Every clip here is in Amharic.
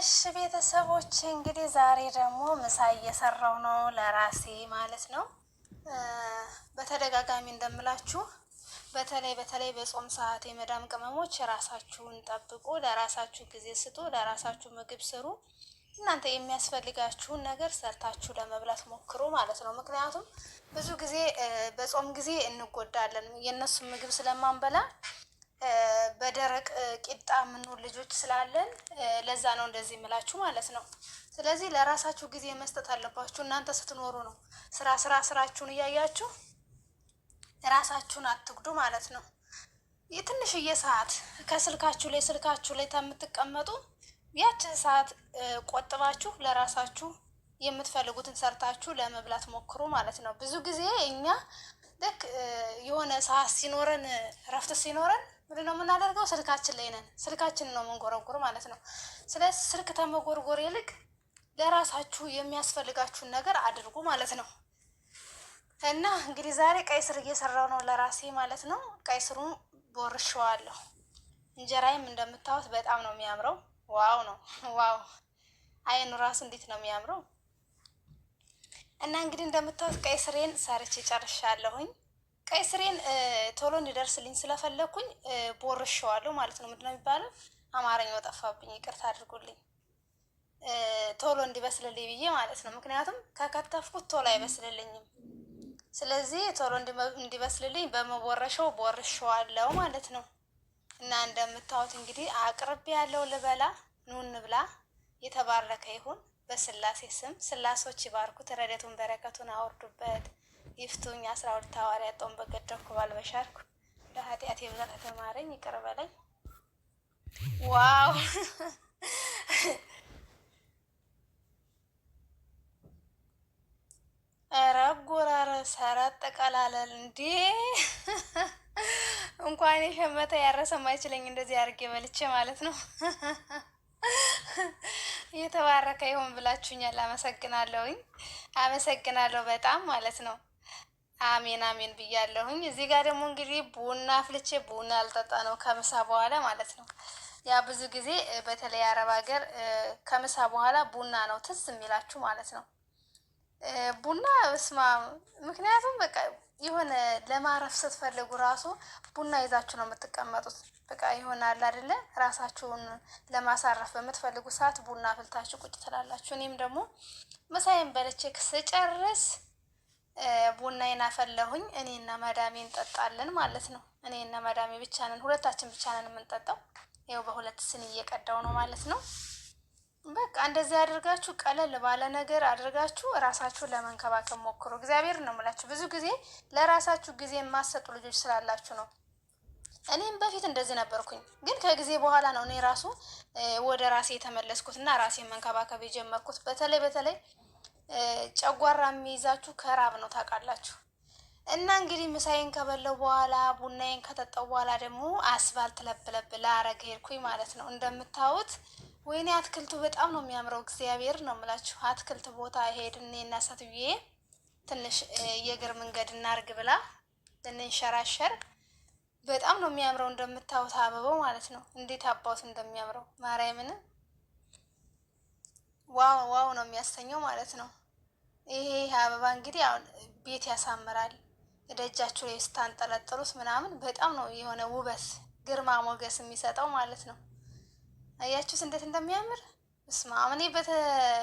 እሺ ቤተሰቦች እንግዲህ ዛሬ ደግሞ ምሳ እየሰራው ነው ለራሴ ማለት ነው። በተደጋጋሚ እንደምላችሁ በተለይ በተለይ በጾም ሰዓት የመዳም ቅመሞች ራሳችሁን ጠብቁ፣ ለራሳችሁ ጊዜ ስጡ፣ ለራሳችሁ ምግብ ስሩ። እናንተ የሚያስፈልጋችሁን ነገር ሰርታችሁ ለመብላት ሞክሩ ማለት ነው። ምክንያቱም ብዙ ጊዜ በጾም ጊዜ እንጎዳለን የእነሱን ምግብ ስለማንበላ በደረቅ ቂጣ የምንውል ልጆች ስላለን ለዛ ነው እንደዚህ የምላችሁ ማለት ነው። ስለዚህ ለራሳችሁ ጊዜ መስጠት አለባችሁ። እናንተ ስትኖሩ ነው ስራ ስራ ስራችሁን እያያችሁ ራሳችሁን አትጉዱ ማለት ነው። የትንሽዬ ሰዓት ከስልካችሁ ላይ ስልካችሁ ላይ ከምትቀመጡ ያችን ሰዓት ቆጥባችሁ ለራሳችሁ የምትፈልጉትን ሰርታችሁ ለመብላት ሞክሩ ማለት ነው። ብዙ ጊዜ እኛ ልክ የሆነ ሰዓት ሲኖረን እረፍት ሲኖረን ምንድን ነው የምናደርገው? ስልካችን ላይ ነን። ስልካችን ነው የምንጎረጉር ማለት ነው። ስለዚህ ስልክ ከመጎርጎር ይልቅ ለራሳችሁ የሚያስፈልጋችሁን ነገር አድርጉ ማለት ነው። እና እንግዲህ ዛሬ ቀይ ስር እየሰራው ነው ለራሴ ማለት ነው። ቀይ ስሩ ቦርሸዋለሁ። እንጀራይም እንደምታዩት በጣም ነው የሚያምረው። ዋው ነው ዋው! አይኑ ራሱ እንዴት ነው የሚያምረው! እና እንግዲህ እንደምታዩት ቀይ ስሬን ሰርቼ ጨርሻለሁኝ። ቀይ ስሬን ቶሎ እንዲደርስልኝ ስለፈለኩኝ ቦርሸዋለሁ ማለት ነው። ምንድነው የሚባለው? አማርኛው ጠፋብኝ፣ ይቅርታ አድርጉልኝ። ቶሎ እንዲበስልልኝ ብዬ ማለት ነው። ምክንያቱም ከከተፍኩት ቶሎ አይበስልልኝም። ስለዚህ ቶሎ እንዲበስልልኝ በመቦረሸው ቦርሸዋለሁ ማለት ነው። እና እንደምታዩት እንግዲህ አቅርቤ ያለው ልበላ ኑን ብላ የተባረከ ይሁን በስላሴ ስም። ስላሶች ይባርኩት፣ ረደቱን በረከቱን አውርዱበት። ይፍቱኝ አስራ ሁለት ሐዋርያ ጦም በገደብኩ ባልበሻርኩ ለኃጢአት የብዛት ተማረኝ ይቅር በለኝ። ዋው ኧረ ጎራረስ ኧረ አጠቃላለል እንዴ! እንኳን የሸመተ ያረሰ ማይችለኝ እንደዚህ አድርጌ በልቼ ማለት ነው። የተባረከ ይሁን ብላችሁኛል። አመሰግናለሁኝ፣ አመሰግናለሁ በጣም ማለት ነው። አሜን አሜን ብያለሁኝ። እዚህ ጋር ደግሞ እንግዲህ ቡና አፍልቼ ቡና አልጠጣ ነው ከምሳ በኋላ ማለት ነው። ያ ብዙ ጊዜ በተለይ አረብ ሀገር ከምሳ በኋላ ቡና ነው ትዝ የሚላችሁ ማለት ነው። ቡና እስማ ምክንያቱም በቃ የሆነ ለማረፍ ስትፈልጉ ራሱ ቡና ይዛችሁ ነው የምትቀመጡት። በቃ ይሆናል አይደለ? ራሳችሁን ለማሳረፍ በምትፈልጉ ሰዓት ቡና አፍልታችሁ ቁጭ ትላላችሁ። እኔም ደግሞ ምሳዬን በልቼ ስጨርስ ቡና አፈለሁኝ። እኔና መዳሜ እንጠጣለን ማለት ነው። እኔና መዳሜ ብቻ ነን፣ ሁለታችን ብቻ ነን የምንጠጣው። ይኸው በሁለት ስን እየቀዳው ነው ማለት ነው። በቃ እንደዚህ አድርጋችሁ ቀለል ባለ ነገር አድርጋችሁ ራሳችሁን ለመንከባከብ ሞክሩ። እግዚአብሔር ነው የምላችሁ። ብዙ ጊዜ ለራሳችሁ ጊዜ የማሰጡ ልጆች ስላላችሁ ነው። እኔም በፊት እንደዚህ ነበርኩኝ፣ ግን ከጊዜ በኋላ ነው እኔ ራሱ ወደ ራሴ እና ራሴን መንከባከብ የጀመርኩት በተለይ በተለይ ጨጓራ የሚይዛችሁ ከራብ ነው ታውቃላችሁ። እና እንግዲህ ምሳዬን ከበለው በኋላ ቡናዬን ከጠጠው በኋላ ደግሞ አስፋልት ለብለብ ላረግ ሄድኩኝ ማለት ነው። እንደምታዩት ወይኔ አትክልቱ በጣም ነው የሚያምረው። እግዚአብሔር ነው የምላችሁ። አትክልት ቦታ ሄድን እና ትንሽ የእግር መንገድ እናርግ ብላ ልንሸራሸር በጣም ነው የሚያምረው። እንደምታዩት አበባው ማለት ነው እንዴት አባውት እንደሚያምረው ማርያምን ዋው ዋው ነው የሚያሰኘው ማለት ነው። ይሄ አበባ እንግዲህ አሁን ቤት ያሳምራል። ደጃችሁ ላይ ስታንጠለጥሉት ምናምን በጣም ነው የሆነ ውበት ግርማ ሞገስ የሚሰጠው ማለት ነው። አያችሁት እንዴት እንደሚያምር እስማ እኔ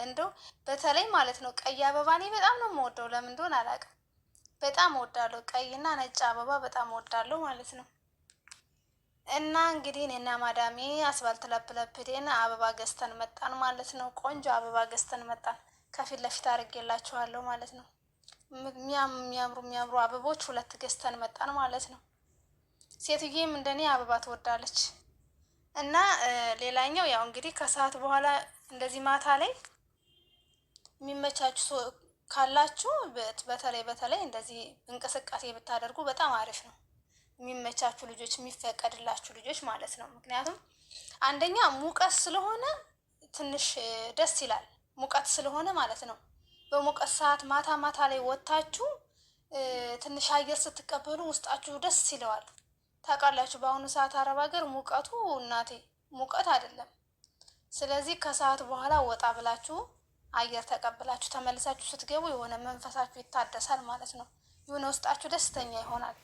እንደው በተለይ ማለት ነው ቀይ አበባ እኔ በጣም ነው የምወደው። ለምን እንደሆነ አላውቅም፣ በጣም እወዳለሁ። ቀይና ነጭ አበባ በጣም እወዳለሁ ማለት ነው። እና እንግዲህ እኔና ማዳሜ አስፋልት ለፕለፕቴን አበባ ገዝተን መጣን ማለት ነው። ቆንጆ አበባ ገዝተን መጣን። ከፊት ለፊት አድርጌላችኋለሁ ማለት ነው። የሚያምሩ የሚያምሩ አበቦች ሁለት ገዝተን መጣን ማለት ነው። ሴትዬም እንደኔ አበባ ትወዳለች እና ሌላኛው ያው እንግዲህ ከሰዓት በኋላ እንደዚህ ማታ ላይ የሚመቻችሁ ካላችሁ በተለይ በተለይ እንደዚህ እንቅስቃሴ ብታደርጉ በጣም አሪፍ ነው። የሚመቻችሁ ልጆች፣ የሚፈቀድላችሁ ልጆች ማለት ነው። ምክንያቱም አንደኛ ሙቀት ስለሆነ ትንሽ ደስ ይላል። ሙቀት ስለሆነ ማለት ነው። በሙቀት ሰዓት ማታ ማታ ላይ ወጥታችሁ ትንሽ አየር ስትቀበሉ ውስጣችሁ ደስ ይለዋል። ታውቃላችሁ፣ በአሁኑ ሰዓት አረብ ሀገር ሙቀቱ እናቴ ሙቀት አይደለም። ስለዚህ ከሰዓት በኋላ ወጣ ብላችሁ አየር ተቀብላችሁ ተመልሳችሁ ስትገቡ የሆነ መንፈሳችሁ ይታደሳል ማለት ነው። የሆነ ውስጣችሁ ደስተኛ ይሆናል።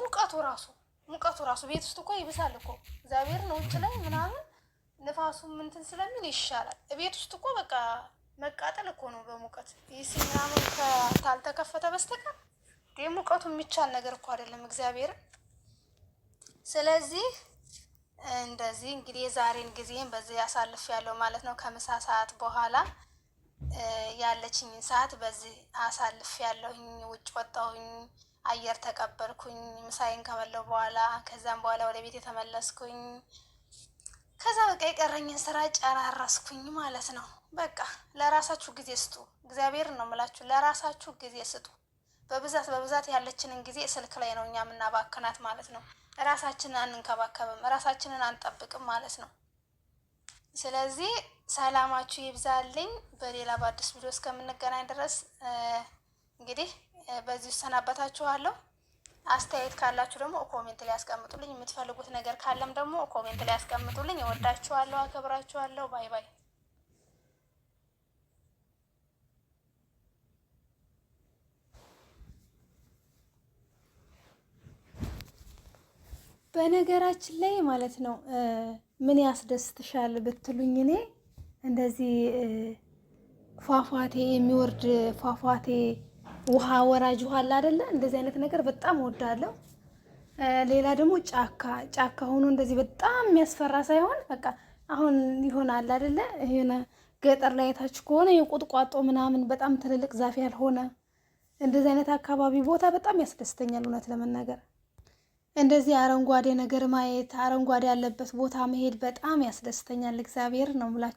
ሙቀቱ ራሱ ሙቀቱ ራሱ ቤት ውስጥ እኮ ይብሳል እኮ እግዚአብሔር ነው። ውጭ ላይ ምናምን ንፋሱ ምንትን ስለሚል ይሻላል። ቤት ውስጥ እኮ በቃ መቃጠል እኮ ነው በሙቀት ይህ ምናምን ካልተከፈተ በስተቀር ሙቀቱ የሚቻል ነገር እኮ አይደለም እግዚአብሔርን። ስለዚህ እንደዚህ እንግዲህ የዛሬን ጊዜን በዚህ አሳልፍ ያለው ማለት ነው። ከምሳ ሰዓት በኋላ ያለችኝን ሰዓት በዚህ አሳልፍ ያለሁኝ ውጭ ወጣሁኝ። አየር ተቀበልኩኝ ምሳይን ከበለው በኋላ ከዛም በኋላ ወደ ቤት የተመለስኩኝ ከዛ በቃ የቀረኝን ስራ ጨራረስኩኝ ማለት ነው። በቃ ለራሳችሁ ጊዜ ስጡ። እግዚአብሔር ነው ምላችሁ፣ ለራሳችሁ ጊዜ ስጡ። በብዛት በብዛት ያለችንን ጊዜ ስልክ ላይ ነው እኛ የምናባክናት ማለት ነው። ራሳችንን አንንከባከብም፣ ራሳችንን አንጠብቅም ማለት ነው። ስለዚህ ሰላማችሁ ይብዛልኝ። በሌላ በአዲስ ቪዲዮ እስከምንገናኝ ድረስ እንግዲህ በዚህ እሰናበታችኋለሁ። አስተያየት ካላችሁ ደግሞ ኮሜንት ላይ ያስቀምጡልኝ። የምትፈልጉት ነገር ካለም ደግሞ ኮሜንት ላይ ያስቀምጡልኝ። እወዳችኋለሁ፣ አከብራችኋለሁ። ባይ ባይ። በነገራችን ላይ ማለት ነው ምን ያስደስትሻል ብትሉኝ እኔ እንደዚህ ፏፏቴ የሚወርድ ፏፏቴ ውሃ ወራጅ ውሃ አለ አይደለ? እንደዚህ አይነት ነገር በጣም ወዳለሁ። ሌላ ደግሞ ጫካ ጫካ ሆኖ እንደዚህ በጣም የሚያስፈራ ሳይሆን በቃ አሁን ይሆናል አይደለ? የሆነ ገጠር ላይ የታች ከሆነ የቁጥቋጦ ምናምን በጣም ትልልቅ ዛፍ ያልሆነ እንደዚህ አይነት አካባቢ ቦታ በጣም ያስደስተኛል። እውነት ለመናገር እንደዚህ አረንጓዴ ነገር ማየት አረንጓዴ ያለበት ቦታ መሄድ በጣም ያስደስተኛል። እግዚአብሔር ነው የምላቸው።